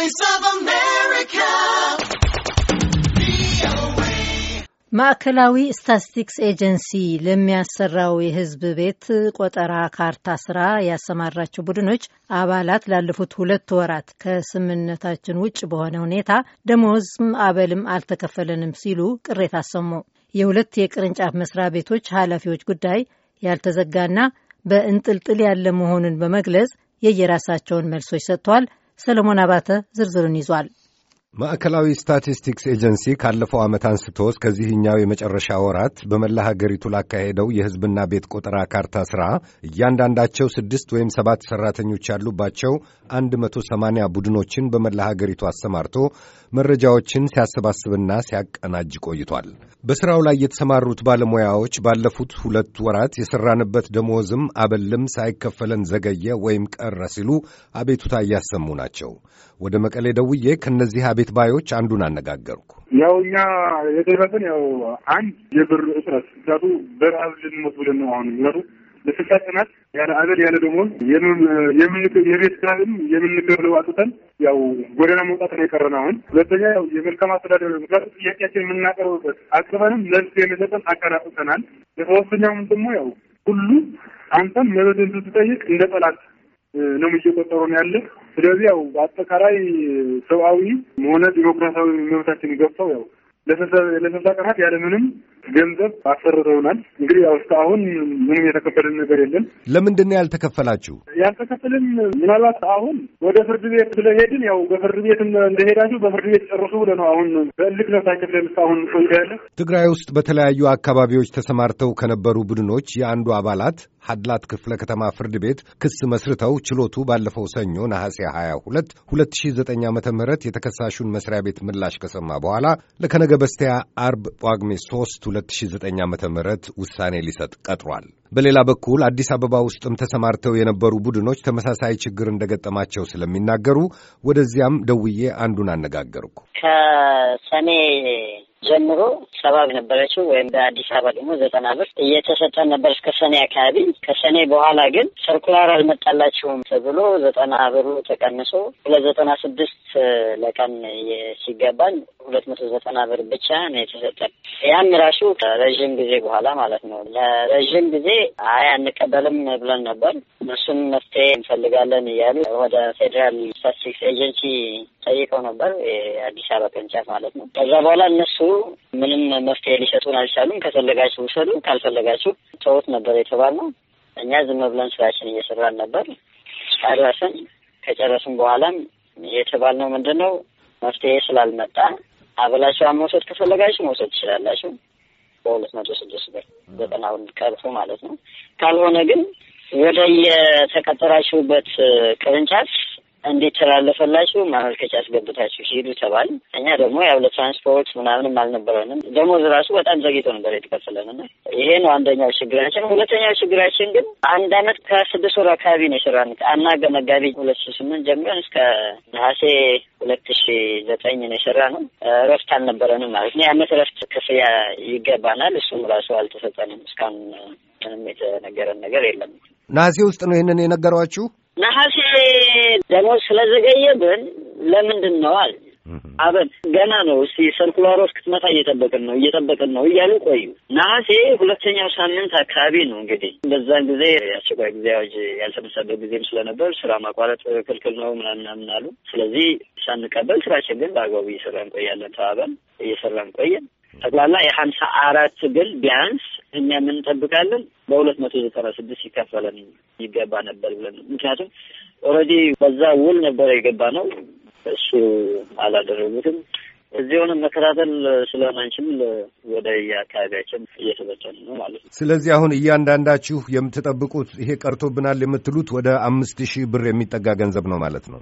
Voice of America. ማዕከላዊ ስታቲስቲክስ ኤጀንሲ ለሚያሰራው የሕዝብ ቤት ቆጠራ ካርታ ስራ ያሰማራቸው ቡድኖች አባላት ላለፉት ሁለት ወራት ከስምምነታችን ውጭ በሆነ ሁኔታ ደሞዝም አበልም አልተከፈለንም ሲሉ ቅሬታ አሰሙ። የሁለት የቅርንጫፍ መስሪያ ቤቶች ኃላፊዎች ጉዳይ ያልተዘጋና በእንጥልጥል ያለ መሆኑን በመግለጽ የየራሳቸውን መልሶች ሰጥተዋል። ሰለሞን አባተ ዝርዝሩን ይዟል። ማዕከላዊ ስታቲስቲክስ ኤጀንሲ ካለፈው ዓመት አንስቶ እስከዚህኛው የመጨረሻ ወራት በመላ ሀገሪቱ ላካሄደው የሕዝብና ቤት ቆጠራ ካርታ ሥራ እያንዳንዳቸው ስድስት ወይም ሰባት ሠራተኞች ያሉባቸው አንድ መቶ ሰማንያ ቡድኖችን በመላ ሀገሪቱ አሰማርቶ መረጃዎችን ሲያሰባስብና ሲያቀናጅ ቆይቷል። በሥራው ላይ የተሰማሩት ባለሙያዎች ባለፉት ሁለት ወራት የሠራንበት ደሞዝም አበልም ሳይከፈለን ዘገየ ወይም ቀረ ሲሉ አቤቱታ እያሰሙ ናቸው። ወደ መቀሌ ደውዬ ከእነዚህ ቤት ባዮች አንዱን አነጋገርኩ። ያው እኛ የደረሰን ያው አንድ የብር እጥረት ምክንያቱ በረሀብ ልንሞት ብለን ነው። አሁን ምክንያቱ ለስልሳ ቀናት ያለ አበል ያለ ደግሞ የቤት ስራም የምንገብለው አጥተን ያው ጎደና መውጣት ነው የቀረን። አሁን ሁለተኛ ያው የመልካም አስተዳደር ምክንያቱ ጥያቄያችን የምናቀርብበት አቅበንም መልስ የመሰጠን አቀራጥተናል። ለሶስተኛውም ደግሞ ያው ሁሉ አንተን መበደን ስትጠይቅ እንደ ጠላት ነው እየቆጠሩ ነው ያለ። ስለዚህ ያው በአጠቃላይ ሰብአዊ መሆነ ዲሞክራሲያዊ መብታችን ገብተው ያው ለስልሳ ቀናት ያለምንም ገንዘብ አሰርተውናል። እንግዲህ ያው አሁን ምንም የተከፈለን ነገር የለም። ለምንድን ነው ያልተከፈላችሁ? ያልተከፈልን ምናልባት አሁን ወደ ፍርድ ቤት ስለሄድን ያው በፍርድ ቤት እንደሄዳችሁ በፍርድ ቤት ጨርሱ ብለህ ነው አሁን በእልክ ነው ሳይከፍለን አሁን ቆይታ ያለ። ትግራይ ውስጥ በተለያዩ አካባቢዎች ተሰማርተው ከነበሩ ቡድኖች የአንዱ አባላት ሀድላት ክፍለ ከተማ ፍርድ ቤት ክስ መስርተው ችሎቱ ባለፈው ሰኞ ነሐሴ 22 2009 ዓ ም የተከሳሹን መስሪያ ቤት ምላሽ ከሰማ በኋላ ለከነገ በስቲያ አርብ ጳጉሜ 3 2009 ዓ ም ውሳኔ ሊሰጥ ቀጥሯል። በሌላ በኩል አዲስ አበባ ውስጥም ተሰማርተው የነበሩ ቡድኖች ተመሳሳይ ችግር እንደገጠማቸው ስለሚናገሩ ወደዚያም ደውዬ አንዱን አነጋገርኩ። ከሰኔ ጀምሮ ሰባ ነበረችው ወይም በአዲስ አበባ ደግሞ ዘጠና ብር እየተሰጠ ነበር እስከ ሰኔ አካባቢ። ከሰኔ በኋላ ግን ሰርኩላር አልመጣላችሁም ተብሎ ዘጠና ብሩ ተቀንሶ ሁለት ዘጠና ስድስት ለቀን ሲገባን ሁለት መቶ ዘጠና ብር ብቻ ነው የተሰጠን። ያም ራሱ ከረዥም ጊዜ በኋላ ማለት ነው። ለረዥም ጊዜ አይ አንቀበልም ብለን ነበር። እሱም መፍትሄ እንፈልጋለን እያሉ ወደ ፌዴራል ስታቲስቲክስ ኤጀንሲ ጠይቀው ነበር የአዲስ አበባ ቅርንጫፍ ማለት ነው። ከዛ በኋላ እነሱ ምንም መፍትሄ ሊሰጡን አልቻሉም። ከፈለጋችሁ ውሰዱ፣ ካልፈለጋችሁ ተውት ነበር የተባልነው። እኛ ዝም ብለን ስራችን እየሰራን ነበር። ጨረስን። ከጨረስን በኋላም የተባልነው ምንድን ነው መፍትሄ ስላልመጣ አበላችሁ መውሰድ ከፈለጋችሁ መውሰድ ትችላላችሁ በሁለት መቶ ስድስት ብር ዘጠናውን ቀርፎ ማለት ነው። ካልሆነ ግን ወደ የተቀጠራችሁበት ቅርንጫፍ እንዴት ተላለፈላችሁ ማመልከቻ አስገብታችሁ ሂዱ ተባል። እኛ ደግሞ ያው ለትራንስፖርት ምናምንም አልነበረንም። ደሞዝ ራሱ በጣም ዘግይቶ ነበር የተከፈለንና ይሄ ነው አንደኛው ችግራችን። ሁለተኛው ችግራችን ግን አንድ አመት ከስድስት ወር አካባቢ ነው የሰራን አና መጋቢት ሁለት ሺ ስምንት ጀምረን እስከ ነሐሴ ሁለት ሺ ዘጠኝ ነው የሰራነው። እረፍት አልነበረንም ማለት ነው። የአመት እረፍት ክፍያ ይገባናል። እሱም ራሱ አልተሰጠንም። እስካሁን ምንም የተነገረን ነገር የለም። ነሐሴ ውስጥ ነው ይህንን የነገሯችሁ? ነሐሴ ደሞዝ ግን ለምንድን ነው አለ። አበን ገና ነው እስቲ ሰርኩላሮ እስክትመጣ እየጠበቅን ነው እየጠበቅን ነው እያሉ ቆዩ። ነሐሴ ሁለተኛው ሳምንት አካባቢ ነው እንግዲህ በዛን ጊዜ የአስቸኳይ ጊዜ አዋጅ ያልተነሳበት ጊዜም ስለነበር ስራ ማቋረጥ ክልክል ነው ምናምናምን አሉ። ስለዚህ ሳንቀበል ስራችን ግን በአግባቡ እየሰራን ቆያለን ተባበን እየሰራን ቆየን። ጠቅላላ የሀምሳ አራት ግን ቢያንስ እኛ ምን እንጠብቃለን? በሁለት መቶ ዘጠና ስድስት ይከፈለን ይገባ ነበር ብለን ምክንያቱም ኦልሬዲ በዛ ውል ነበረ የገባ ነው። እሱ አላደረጉትም። እዚሁንም መከታተል ስለማንችል ወደ የአካባቢያችን እየተበተን ነው ማለት ነው። ስለዚህ አሁን እያንዳንዳችሁ የምትጠብቁት ይሄ ቀርቶብናል የምትሉት ወደ አምስት ሺህ ብር የሚጠጋ ገንዘብ ነው ማለት ነው።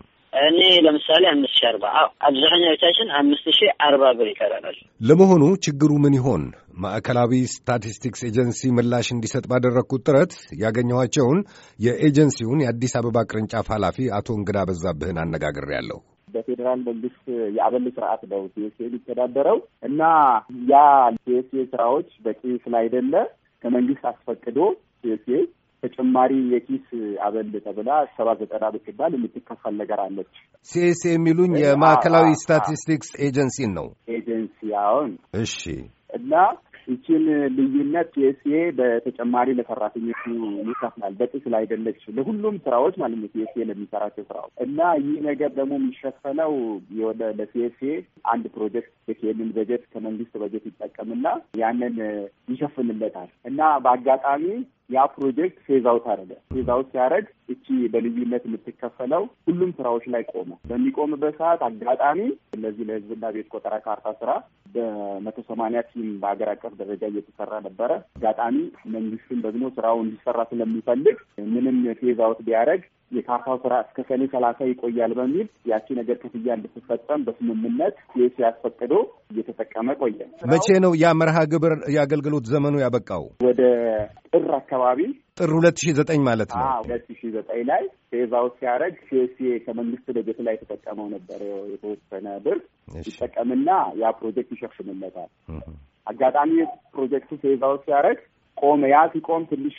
እኔ ለምሳሌ አምስት ሺ አርባ አዎ አብዛኛዎቻችን አምስት ሺ አርባ ብር ይቀረናል። ለመሆኑ ችግሩ ምን ይሆን? ማዕከላዊ ስታቲስቲክስ ኤጀንሲ ምላሽ እንዲሰጥ ባደረግኩት ጥረት ያገኘኋቸውን የኤጀንሲውን የአዲስ አበባ ቅርንጫፍ ኃላፊ አቶ እንግዳ በዛብህን አነጋግሬያለሁ። በፌዴራል መንግስት የአበል ስርዓት ነው ሲኤስኤ የሚተዳደረው እና ያ ሲኤስኤ ስራዎች በቂ ስላይደለ ከመንግስት አስፈቅዶ ሲኤስኤ ተጨማሪ የኪስ አበል ተብላ ሰባ ዘጠና ብትባል የምትከፈል ነገር አለች። ሲኤስ የሚሉኝ የማዕከላዊ ስታቲስቲክስ ኤጀንሲን ነው ኤጀንሲ አሁን እሺ። እና ይችን ልዩነት ሲኤስኤ በተጨማሪ ለሰራተኞቹ ይከፍላል። በጥቅል አይደለች ለሁሉም ስራዎች ማለት ነው ሲኤስኤ ለሚሰራቸው ስራዎች እና ይህ ነገር ደግሞ የሚሸፈነው የሆነ ለሲኤስኤ አንድ ፕሮጀክት የኬንን በጀት ከመንግስት በጀት ይጠቀምና ያንን ይሸፍንለታል እና በአጋጣሚ ያ ፕሮጀክት ፌዝ አውት አደረገ። ፌዝ አውት ሲያደረግ እቺ በልዩነት የምትከፈለው ሁሉም ስራዎች ላይ ቆመ። በሚቆምበት ሰዓት አጋጣሚ እነዚህ ለህዝብና ቤት ቆጠራ ካርታ ስራ በመቶ ሰማንያ ቲም በሀገር አቀፍ ደረጃ እየተሰራ ነበረ። አጋጣሚ መንግስትም ደግሞ ስራው እንዲሰራ ስለሚፈልግ ምንም ፌዝ አውት ቢያደረግ የካርታው ስራ እስከ ሰኔ ሰላሳ ይቆያል በሚል ያቺ ነገር ክፍያ እንድትፈጸም በስምምነት ዩኤስ ያስፈቅዶ እየተጠቀመ ቆየ። መቼ ነው ያ መርሃ ግብር የአገልግሎት ዘመኑ ያበቃው? ወደ ጥር አካባቢ ጥር ሁለት ሺ ዘጠኝ ማለት ነው። ሁለት ሺ ዘጠኝ ላይ ፌዛው ውስጥ ሲያደርግ ከመንግስት በጀት ላይ የተጠቀመው ነበር። የተወሰነ ብር ይጠቀምና ያ ፕሮጀክት ይሸፍንለታል። አጋጣሚ ፕሮጀክቱ ፌዛው ሲያደረግ ሲያደርግ ቆመ። ያ ሲቆም ትንሽ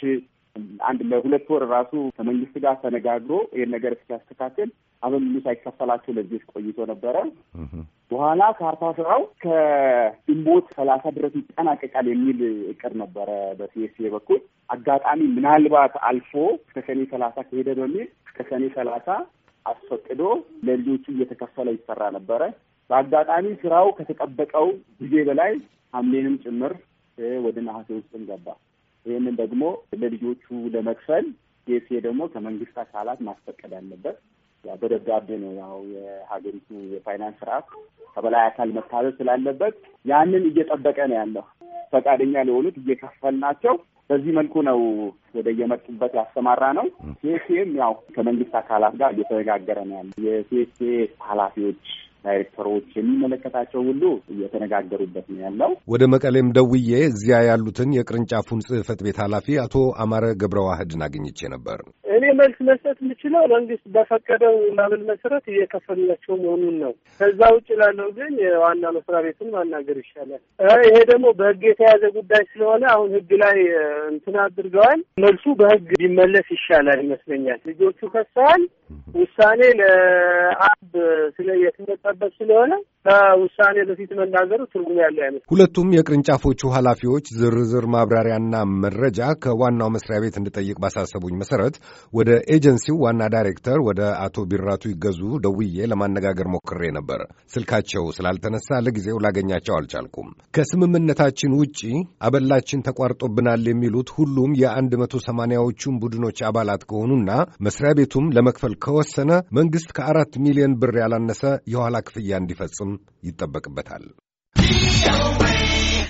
አንድ ለሁለት ወር ራሱ ከመንግስት ጋር ተነጋግሮ ይህን ነገር እስኪያስተካክል አሁን ምንም ሳይከፈላቸው ለዚህ ቆይቶ ነበረ። በኋላ ካርታ ስራው ከግንቦት ሰላሳ ድረስ ይጠናቀቃል የሚል እቅድ ነበረ በሲኤስኤ በኩል። አጋጣሚ ምናልባት አልፎ እስከ ሰኔ ሰላሳ ከሄደ በሚል እስከ ሰኔ ሰላሳ አስፈቅዶ ለልጆቹ እየተከፈለ ይሰራ ነበረ። በአጋጣሚ ስራው ከተጠበቀው ጊዜ በላይ ሐምሌንም ጭምር ወደ ነሐሴ ውስጥም ገባ። ይህንን ደግሞ ለልጆቹ ለመክፈል ዴሴ ደግሞ ከመንግስት አካላት ማስፈቀድ አለበት። በደብዳቤ ነው ያው የሀገሪቱ የፋይናንስ ስርዓት ከበላይ አካል መታዘዝ ስላለበት ያንን እየጠበቀ ነው ያለው። ፈቃደኛ ለሆኑት እየከፈል ናቸው። በዚህ መልኩ ነው ወደ የመጡበት ያሰማራ ነው። ሲኤስኤም ያው ከመንግስት አካላት ጋር እየተነጋገረ ነው ያለ የሲኤስኤ ኃላፊዎች ዳይሬክተሮች የሚመለከታቸው ሁሉ እየተነጋገሩበት ነው ያለው። ወደ መቀሌም ደውዬ እዚያ ያሉትን የቅርንጫፉን ጽህፈት ቤት ኃላፊ አቶ አማረ ገብረ ዋህድን አግኝቼ ነበር። መልስ መስጠት የምችለው መንግስት በፈቀደው ማምን መሰረት እየከፈልላቸው መሆኑን ነው። ከዛ ውጭ ላለው ግን የዋና መስሪያ ቤትን ማናገር ይሻላል። ይሄ ደግሞ በህግ የተያዘ ጉዳይ ስለሆነ አሁን ህግ ላይ እንትን አድርገዋል። መልሱ በህግ ሊመለስ ይሻላል ይመስለኛል። ልጆቹ ከሰዋል። ውሳኔ ለአብ ስለ የተመጣበት ስለሆነ ከውሳኔ በፊት መናገሩ ትርጉም ያለው አይመስል ሁለቱም የቅርንጫፎቹ ኃላፊዎች ዝርዝር ማብራሪያና መረጃ ከዋናው መስሪያ ቤት እንድጠይቅ ባሳሰቡኝ መሰረት ወደ ኤጀንሲው ዋና ዳይሬክተር ወደ አቶ ቢራቱ ይገዙ ደውዬ ለማነጋገር ሞክሬ ነበር። ስልካቸው ስላልተነሳ ለጊዜው ላገኛቸው አልቻልኩም። ከስምምነታችን ውጪ አበላችን ተቋርጦብናል የሚሉት ሁሉም የአንድ መቶ ሰማንያዎቹን ቡድኖች አባላት ከሆኑና መስሪያ ቤቱም ለመክፈል ከወሰነ መንግሥት ከአራት ሚሊዮን ብር ያላነሰ የኋላ ክፍያ እንዲፈጽም ይጠበቅበታል።